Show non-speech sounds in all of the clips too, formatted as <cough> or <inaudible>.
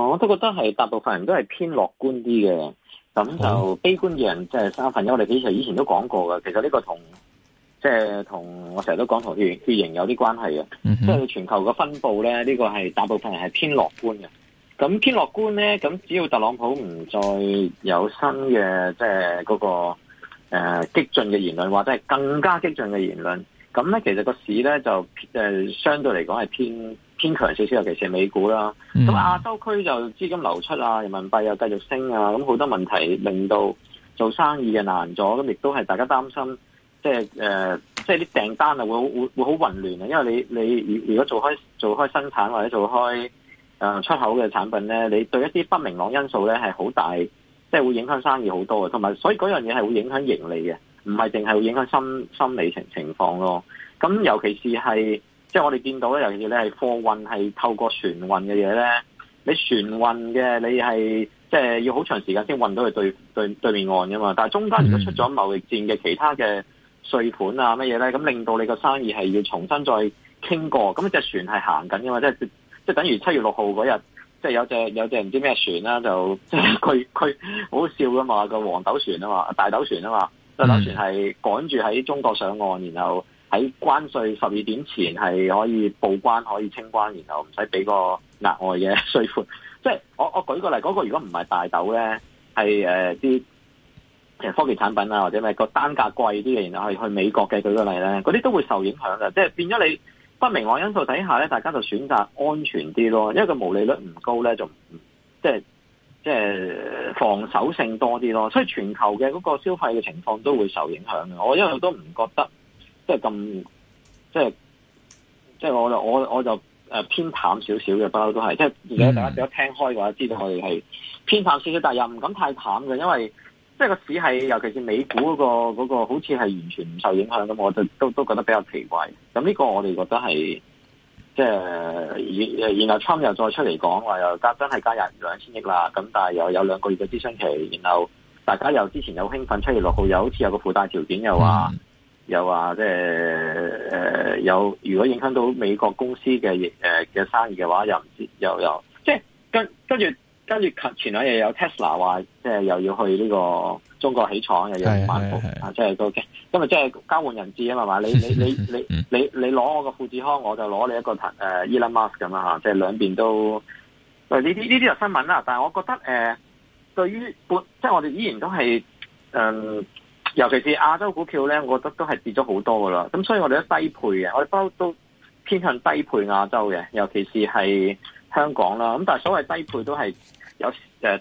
我都覺得係大部分人都係偏樂觀啲嘅，咁就悲觀嘅人即係三分一。我哋幾時以前都講過嘅，其實呢個同即係同我成日都講同血血型有啲關係嘅，即、嗯、係、即係、全球嘅分布咧，呢、呢個係大部分人係偏樂觀嘅。咁偏樂觀咧，咁只要特朗普唔再有新嘅即係嗰個、呃、激進嘅言論，或者係更加激進嘅言論，咁咧其實個市咧就、呃、相對嚟講係偏偏強少少，尤其是美股啦。咁亞洲區就資金流出啊，人民幣又繼續升啊。咁好多問題令到做生意嘅難咗，咁亦都係大家擔心，即係、呃、即係啲訂單啊會會會好混亂啊。因為你你如如果做開做開生產或者做開、呃、出口嘅產品咧，你對一啲不明朗因素咧係好大，即係會影響生意好多嘅。同埋所以嗰樣嘢係會影響盈利嘅，唔係淨係會影響心心理情情況咯。咁尤其是係。即係我哋見到咧，尤其是你係貨運係透過船運嘅嘢咧，你船運嘅你係即係要好長時間先運到去對，對，對面岸噶嘛。但係中間如果出咗貿易戰嘅其他嘅稅盤啊乜嘢咧，咁令到你個生意係要重新再傾過。咁隻船係行緊噶嘛，即係即係等於七月六號嗰日，即係有隻有隻唔知咩船啦，就即係佢佢好笑噶嘛，個黃豆船啊嘛，大豆船啊嘛，大豆船係趕住喺中國上岸，然後。喺關稅十二點前係可以報關，可以清關，然後唔使俾個額外嘅稅款。即係我我舉個例，嗰個如果唔係大豆咧，係誒啲科技產品啊，或者咩個單價貴啲嘅，然後係去美國嘅舉個例咧，嗰啲都會受影響嘅。即係變咗你不明朗因素底下咧，大家就選擇安全啲咯，因為個毛利率唔高咧，就即係即係防守性多啲咯。所以全球嘅嗰個消費嘅情況都會受影響嘅。我一路都唔覺得。即係咁，即係即係，我就我我就誒偏淡少少嘅，不嬲都係。即係而家大家如果聽開嘅話，知道我哋係偏淡少少，但又唔敢太淡嘅，因為即係個市係，尤其是美股嗰個嗰個，那個、好似係完全唔受影響咁，我就都都覺得比較奇怪。咁呢個我哋覺得係即係、呃，然後 Trump 又再出嚟講話又加，真係加入兩千億啦。咁但係又有兩個月嘅諮詢期，然後大家又之前又興奮，七月六號又好似有個附帶條件又話。嗯又話即係誒有，如果影響到美國公司嘅誒嘅生意嘅話，又唔知又又即係跟跟住跟住前兩日有 Tesla 話，即係又要去呢個中國起廠，又要反報即係都嘅，因為即係交換人質啊嘛嘛，你你你你你你攞我個富士康，我就攞你一個誒、呃、Elon Musk 咁啦嚇，即係兩邊都，嗱呢啲呢啲就新聞啦，但係我覺得誒、呃，對於本即係我哋依然都係嗯。尤其是亞洲股票咧，我覺得都係跌咗好多㗎喇。咁所以我哋都低配嘅，我哋都都偏向低配亞洲嘅，尤其是係香港啦。咁但係所謂低配都係有、呃、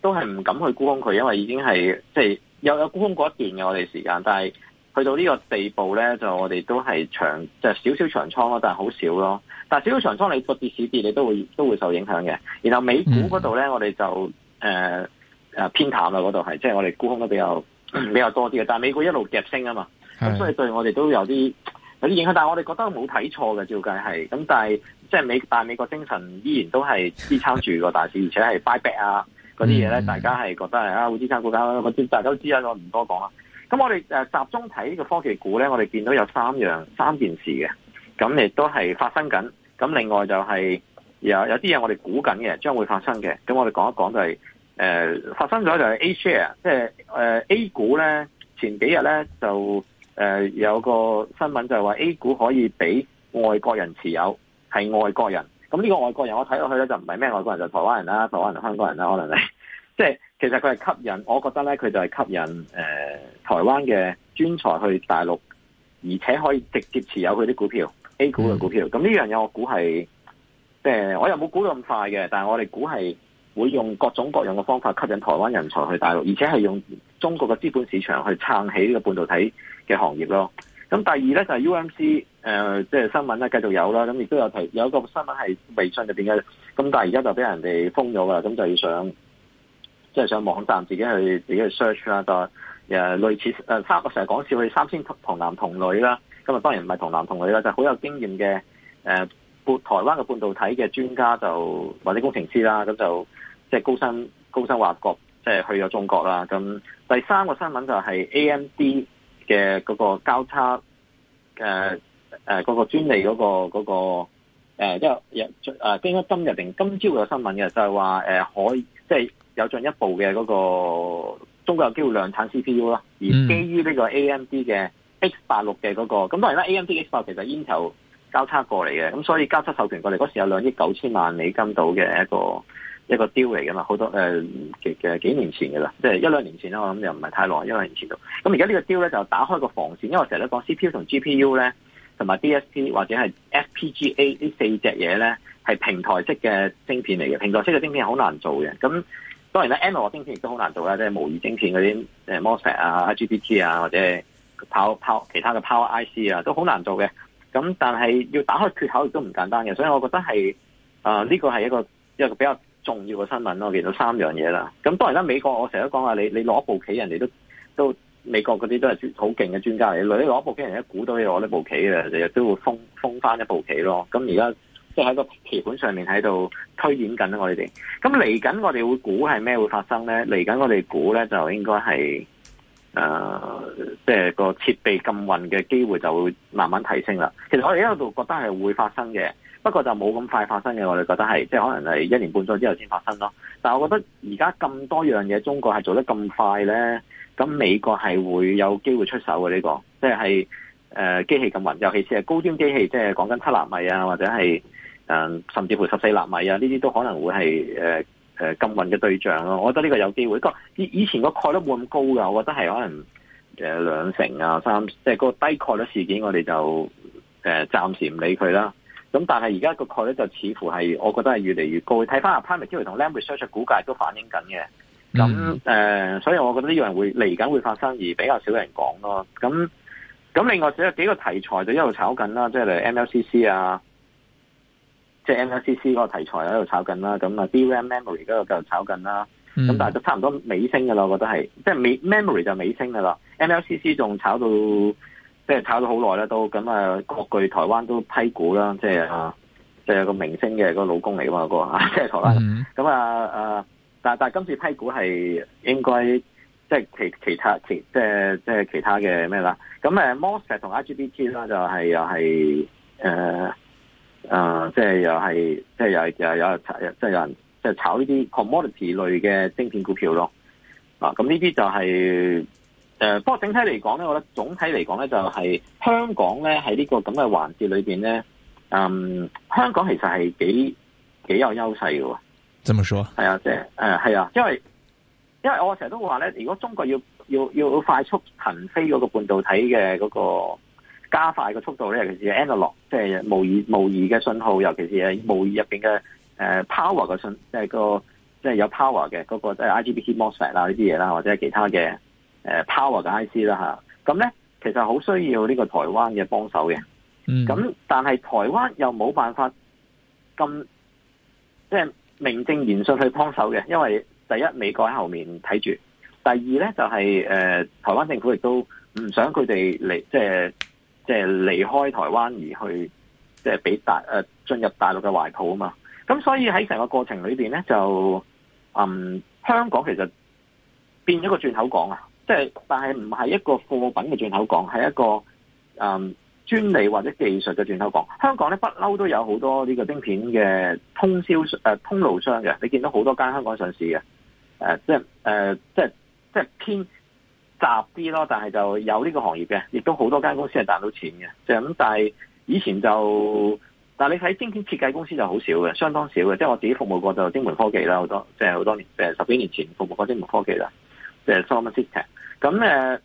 都係唔敢去沽空佢，因為已經係即係又有，有沽空過一段嘅我哋時間，但係去到呢個地步咧，就我哋都係長就少、係、少長倉咯，但係好少咯。但係少少長倉，你個跌市跌，你都會都會受影響嘅。然後美股嗰度咧，我哋就誒誒、呃呃、偏淡啦，嗰度係即係我哋沽空得比較。比較多啲嘅，但係美國一路夾升啊嘛，咁所以對我哋都有啲有啲影響，但係我哋覺得冇睇錯嘅，照計係，咁但係即係美大美國精神依然都係支撐住個大市， <laughs> 而且係 buy back 啊，嗰啲嘢咧，大家係覺得係啊會支撐股價啦，嗰啲大家都知啊，我唔多講啦。咁我哋誒集中睇呢個科技股咧，我哋見到有三樣三件事嘅，咁亦都係發生緊，咁另外就係、是、有有啲嘢我哋估緊嘅，將會發生嘅，咁我哋講一講就係、是。誒、呃，發生咗就係 A share，即係誒、呃、A 股咧，前幾日咧就誒、呃、有個新聞就係話 A 股可以俾外國人持有，係外國人。咁呢個外國人我睇落去咧就唔係咩外國人，就是、台灣人啦，台灣人、香港人啦，可能係。即係其實佢係吸引，我覺得咧佢就係吸引誒、呃、台灣嘅專才去大陸，而且可以直接持有佢啲股票 A 股嘅股票。咁呢樣嘢我估係，即、呃、係我又冇估咁快嘅，但係我哋估係。會用各種各樣嘅方法吸引台灣人才去大陸，而且係用中國嘅資本市場去撐起呢個半導體嘅行業咯。咁第二咧就係、是、UMC，誒、呃，即、就、係、是、新聞咧繼續有啦。咁亦都有提有一個新聞係微信入面嘅。咁但係而家就俾人哋封咗㗎啦，咁就要上即係上網站自己去自己去 search 啦。就誒類似誒差唔多成日講笑去三千童男童女啦。咁啊當然唔係童男童女啦，就好、是、有經驗嘅誒半台灣嘅半導體嘅專家就或者工程師啦，咁就。即係高新高新華國，即係去咗中國啦。咁第三個新聞就係 AMD 嘅嗰個交叉嘅誒嗰個專利嗰、嗰個嗰即係有誒，應、嗰個呃呃呃、今日定今朝有新聞嘅、呃，就係話誒可以即係有進一步嘅嗰個中國有機會量產 CPU 啦。而基於呢個 AMD 嘅 X 八六嘅嗰個，咁當然啦，AMD X 八其實 Intel 交叉過嚟嘅，咁所以交叉授權過嚟嗰時候有兩億九千萬美金到嘅一個。一個雕嚟噶嘛，好多誒嘅、呃、幾，幾年前噶啦，即、就、係、是、一兩年前啦，我諗又唔係太耐，一兩年前度。咁而家呢個雕咧，就打開個防線，因為我成日都講 C P U 同 G P U 咧，同埋 D S P 或者係 F P G A 呢四隻嘢咧係平台式嘅晶片嚟嘅，平台式嘅晶片好難做嘅。咁當然咧，N O 晶片亦都好難做啦，即係模擬晶片嗰啲誒 MOS 啊、I G B T 啊或者係 pow pow 其他嘅 power I C 啊都好難做嘅。咁但係要打開缺口亦都唔簡單嘅，所以我覺得係啊，呢個係一個一個比較。重要嘅新聞咯，見到三樣嘢啦。咁當然啦，美國我成日都講話，你你攞部棋人哋都都美國嗰啲都係好勁嘅專家嚟，你攞部棋人一估到你攞呢部棋嘅，亦都會封封翻一部棋咯。咁而家即係喺個棋盤上面喺度推演緊我哋哋。咁嚟緊我哋會估係咩會發生咧？嚟緊我哋估咧就應該係誒，即、呃、係、就係、個設備禁運嘅機會就會慢慢提升啦。其實我哋喺度覺得係會發生嘅。不過就冇咁快發生嘅，我哋覺得係，即係可能係一年半載之後先發生咯。但係我覺得而家咁多樣嘢，中國係做得咁快咧，咁美國係會有機會出手嘅，呢個，即係誒機器禁運，尤其是係高端機器，即係講緊七納米啊，或者係誒、呃、甚至乎十四納米啊，呢啲都可能會係誒誒禁運嘅對象咯。我覺得呢個有機會。個以以前個概率冇咁高噶，我覺得係可能誒兩成啊三，即係嗰個低概率事件，我哋就誒暫時唔理佢啦。咁、嗯、但係而家個概率就似乎係，我覺得係越嚟越高。睇翻阿 Primary 同 Lam Research 估計都反映緊嘅。咁、嗯、誒、呃，所以我覺得呢樣會嚟緊會發生，而比較少人講咯。咁咁另外只有幾個題材就一路炒緊啦，即係嚟 MLCC 啊，即係 MLCC 嗰個題材喺度炒緊啦。咁啊 DRAM memory 嗰個就繼續炒緊啦。咁、嗯、但係都差唔多尾聲㗎啦，我覺得係，即係 memory 就尾聲㗎啦。MLCC 仲炒到。即、就、係、是、炒咗好耐啦，都咁啊！國巨台灣都批股啦，即係即係個明星嘅個老公嚟噶嘛，個、mm、啊 -hmm. <laughs> 即係台灣。咁啊但但今次批股係應該即係其其他其即係即係其他嘅咩啦？咁誒，MOSFET 同 IGBT 啦，就係、是、又係誒誒，即、呃、係、呃就是、又係即係又係又有即係有，、就是、有人即係炒呢啲 commodity 類嘅晶片股票咯。啊，咁呢啲就係、是。誒，不過整體嚟講咧，我覺得總體嚟講咧，就係香港咧喺呢個咁嘅環節裏邊咧，嗯，香港其實係幾幾有優勢嘅。怎麼說？係啊，即係誒，係啊，因為因為我成日都話咧，如果中國要要要快速騰飛嗰個半導體嘅嗰個加快嘅速度咧，尤其是 analog，即係模擬模擬嘅信號，尤其是誒模擬入邊嘅誒 power 嘅信，即係嗰個即係有 power 嘅嗰個即係 IGBT MOSFET 啦呢啲嘢啦，或者係其他嘅。誒，power 嘅 IC 啦吓，咁咧其實好需要呢個台灣嘅幫手嘅，咁、嗯、但係台灣又冇辦法咁即係名正言順去幫手嘅，因為第一美國喺後面睇住，第二咧就係、是、誒台灣政府亦都唔想佢哋離即係即係離開台灣而去即係俾大誒進入大陸嘅懷抱啊嘛，咁所以喺成個過程裏邊咧就嗯香港其實變咗個轉口港啊。即係，但係唔係一個貨品嘅轉口港，係一個誒、呃、專利或者技術嘅轉口港。香港咧不嬲都有好多呢個晶片嘅通銷誒、呃、通路商嘅， <music> 你見到好多間香港上市嘅誒、呃呃，即係誒，即係即係偏雜啲咯。但係就有呢個行業嘅，亦都好多間公司係賺到錢嘅。就咁、是，但係以前就，但係你喺晶片設計公司就好少嘅，相當少嘅。即、就、係、是、我自己服務過就晶門科技啦，好多即係好多年，誒、就是、十幾年前服務過晶門科技啦，即、就、係、是。咁誒，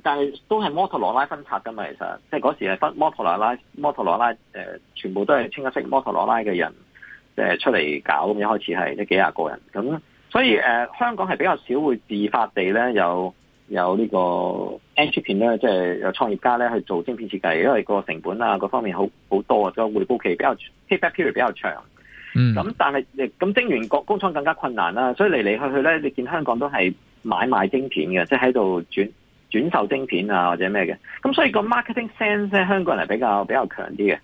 但係都係摩托羅拉分拆噶嘛，其實，即係嗰時係分摩托羅拉，摩托羅拉誒、呃，全部都係清一色，摩托羅拉嘅人，即、呃、係出嚟搞，咁一開始係幾廿個人，咁所以誒、呃，香港係比較少會自發地呢有有呢個 entrepreneur 咧，即係有創業家呢去做晶片設計，因為個成本啊，各方面好好多啊，咁回報期比較 payback period 比較長，咁、嗯、但係咁徵完工工廠更加困難啦，所以嚟嚟去去咧，你見香港都係。買賣晶片嘅，即係喺度轉轉售晶片啊，或者咩嘅，咁所以那個 marketing sense 咧，香港人係比較比較強啲嘅，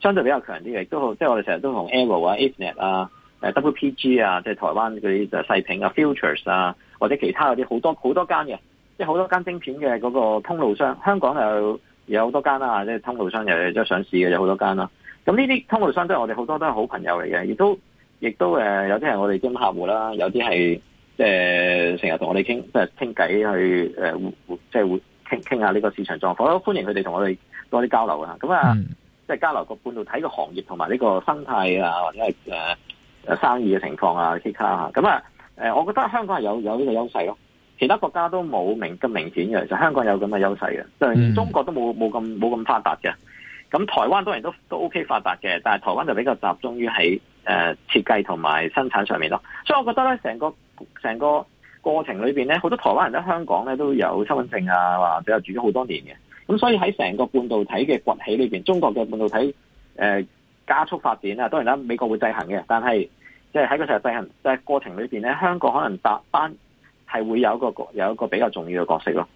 相對比較強啲嘅，亦都好即係、就是、我哋成日都同 Arrow 啊、Avnet 啊、誒、啊啊、WPG 啊，即、就、係、是、台灣嗰啲就世平啊、futures 啊，或者其他嗰啲好多好多間嘅，即係好多間晶片嘅嗰個通路商，香港又有好多間啦、啊，即、就、係、是、通路商又即上市嘅，有好多間啦、啊。咁呢啲通路商都係我哋好多都係好朋友嚟嘅，亦都亦都誒、呃，有啲係我哋啲客戶啦，有啲係。誒、呃，成日同我哋傾，即係傾偈去誒，即係會傾傾下呢個市場狀況咯。歡迎佢哋同我哋多啲交流啊！咁、嗯、啊，即係交流個半導體嘅行業同埋呢個生態啊，或者係誒誒生意嘅情況啊，其他啊咁啊。誒、呃，我覺得香港係有有呢個優勢咯，其他國家都冇明咁明顯嘅，就香港有咁嘅優勢嘅。連、嗯、中國都冇冇咁冇咁發達嘅。咁台灣當然都都 OK 發達嘅，但係台灣就比較集中於喺誒設計同埋生產上面咯、啊。所以我覺得咧，成個。成個過程裏邊咧，好多台灣人喺香港咧都有身份證啊，或者係住咗好多年嘅。咁所以喺成個半導體嘅崛起裏邊，中國嘅半導體誒加速發展啊。當然啦，美國會制衡嘅，但係即係喺個實際制衡係過程裏邊咧，香港可能搭班係會有個有一個比較重要嘅角色咯。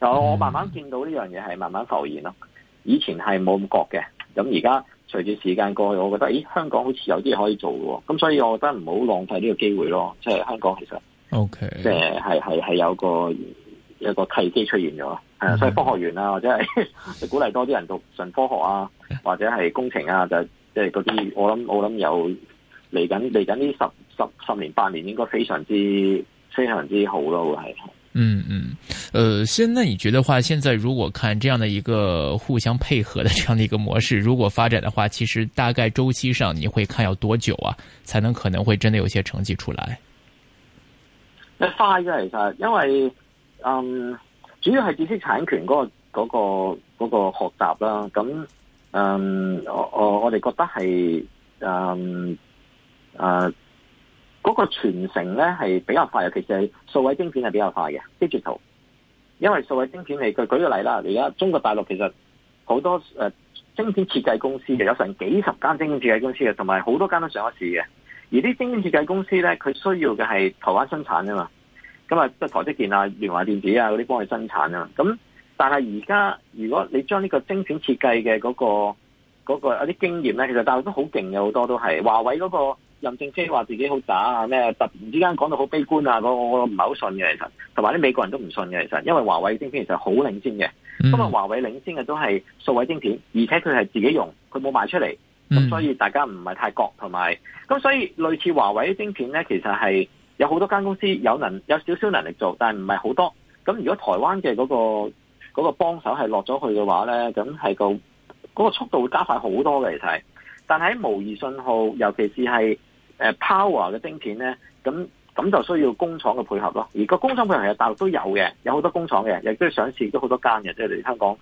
就我慢慢見到呢樣嘢係慢慢浮現咯，以前係冇咁覺嘅，咁而家。隨住時間過去，我覺得，咦，香港好似有啲嘢可以做喎，咁所以我覺得唔好浪費呢個機會咯。即係香港其實，O K，即係係係有個有個契機出現咗，mm -hmm. 所以科學園啊，或者係 <laughs> 鼓勵多啲人讀純科學啊，或者係工程啊，就即係嗰啲，我諗我諗有嚟緊嚟緊呢十十十,十年八年，應該非常之非常之好咯，會係。嗯嗯，呃，現那你覺得話，現在如果看這樣的一個互相配合的這樣的一個模式，如果發展的話，其實大概周期上你會看要多久啊，才能可能會真的有些成績出來？冇快嘅，其實因為，嗯，主要係知識產權嗰、那個、嗰、那個、嗰、那個學習啦，咁，嗯，我、我、我哋覺得係，嗯，啊、呃。嗰個傳承咧係比較快，尤其是係數位晶片係比較快嘅 digital。因為數位晶片嚟，佢舉個例啦，而家中國大陸其實好多誒晶片設計公司嘅，有成幾十間晶片設計公司嘅，同埋好多間都上咗市嘅。而啲晶片設計公司咧，佢需要嘅係台灣生產啊嘛，咁啊，即係台積電啊、聯華電子啊嗰啲幫佢生產啊嘛。咁但係而家如果你將呢個晶片設計嘅嗰個嗰個一啲經驗咧，其實大陸都好勁嘅，好多都係華為嗰個。任正非話自己好渣啊！咩突然之間講到好悲觀啊！嗰個、我我唔係好信嘅其實，同埋啲美國人都唔信嘅其實，因為華為晶片其實好領先嘅。咁啊，華為領先嘅都係數位晶片，而且佢係自己用，佢冇賣出嚟，咁所以大家唔係太覺同埋。咁所以類似華為晶片咧，其實係有好多間公司有能有少少能力做，但係唔係好多。咁如果台灣嘅嗰、嗰個嗰、嗰個幫手係落咗去嘅話咧，咁係個嗰、嗰個速度會加快好多嘅其實。但係喺模擬信號，尤其是係。Power 嘅晶片咧，咁咁就需要工廠嘅配合咯。而個工廠配合其實大陸都有嘅，有好多工廠嘅，亦都上市都好多間嘅，即係嚟香港。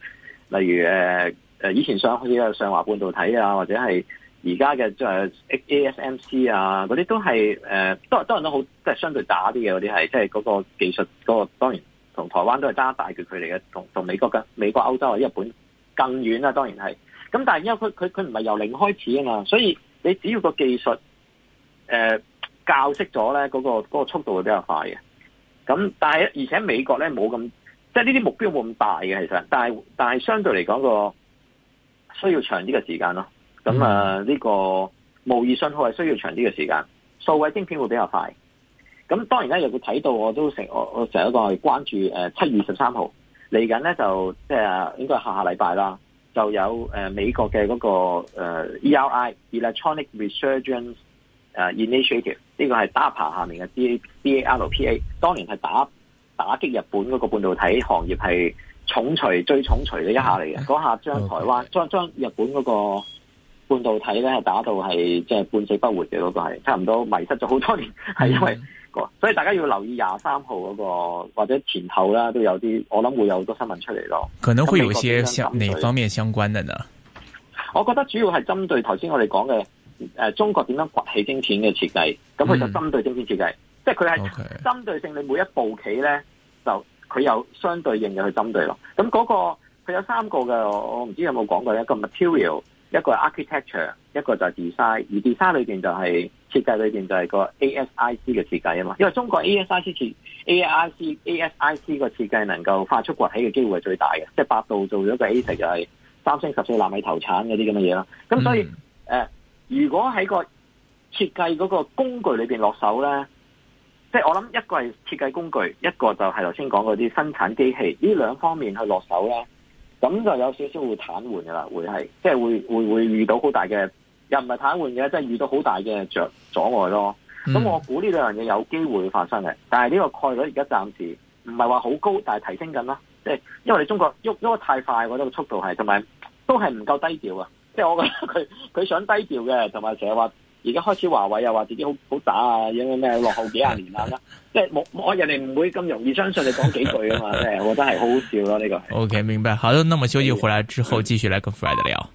例如、呃、以前上好似啊上華半導體啊，或者係而家嘅即 ASMC 啊，嗰啲、啊、都係誒、呃，都都人都好，即係相對大啲嘅嗰啲係，即係嗰個技術嗰、嗰個當然同台灣都係爭一大段距離嘅，同同美國嘅、美國歐洲啊日本更遠啦，當然係。咁但係因為佢佢佢唔係由零開始啊嘛，所以你只要個技術。誒、呃，教識咗咧，嗰、那個嗰、那個速度會比較快嘅。咁但係，而且美國咧冇咁，即係呢啲目標冇咁大嘅，其實。但係但係相對嚟講個需要長啲嘅時間咯。咁、嗯、啊，呢、這個模擬信號係需要長啲嘅時間，數位晶片會比較快。咁當然咧，又會睇到，我都成我我成日一個係關注誒，七、呃、月十三號嚟緊咧，就即係應該下下禮拜啦，就有誒、呃、美國嘅嗰、那個誒、呃、E R I Electronic Resurgence。誒、uh,，Initiative 呢個係 DARPA 下面嘅 d A B A R P A，當年係打打擊日本嗰個半導體行業係重錘，最重錘嘅一下嚟嘅，嗰、嗯、下將台灣、okay. 將將日本嗰個半導體咧，係打到係即係半死不活嘅嗰、那個係，差唔多迷失咗好多年，係、嗯、因為，所以大家要留意廿三號嗰、那個或者前後啦，都有啲我諗會有好多新聞出嚟咯。可能會有些相討討哪方面相關嘅呢？我覺得主要係針對頭先我哋講嘅。誒、呃，中國點樣崛起晶片嘅設計？咁佢就針對晶片設計，嗯，即係佢係針對性。你每一步棋咧，Okay. 就佢有相對應嘅去針對咯。咁嗰、那個佢有三個嘅，我唔知有冇講過一個 material，一個係 architecture，一個就係 design。而 design 裏邊就係設計裏邊就係個 ASIC 嘅設計啊嘛。因為中國 ASIC 設 ASIC 個設計能夠快速崛起嘅機會係最大嘅，即係百度做咗個 ASIC 就係三星十四納米投產嗰啲咁嘅嘢啦。咁所以誒。嗯呃如果喺個設計嗰個工具裏邊落手咧，即係我諗一個係設計工具，一個就係頭先講嗰啲生產機器呢兩方面去落手咧，咁就有少少會癱瘓噶啦，會係即係會會會遇到好大嘅，又唔係癱瘓嘅，即係遇到好大嘅阻礙咯。咁、嗯、我估呢兩樣嘢有機會會發生嘅，但係呢個概率而家暫時唔係話好高，但係提升緊啦，即係因為你中國喐喐得太快，我覺得個速度係同埋都係唔夠低調啊。即 <laughs> 係我覺得佢佢想低調嘅，同埋成日話而家開始華為又話自己好好打啊，樣樣咩落後幾廿年啊， <laughs> 即係冇我人哋唔會咁容易相信你講幾句啊嘛，即 <laughs> 係 <laughs> 我覺得係好好笑咯、啊、呢、這個。OK，明白。好的，那麼休息回來之後繼 <laughs> 續嚟跟 Fred 聊。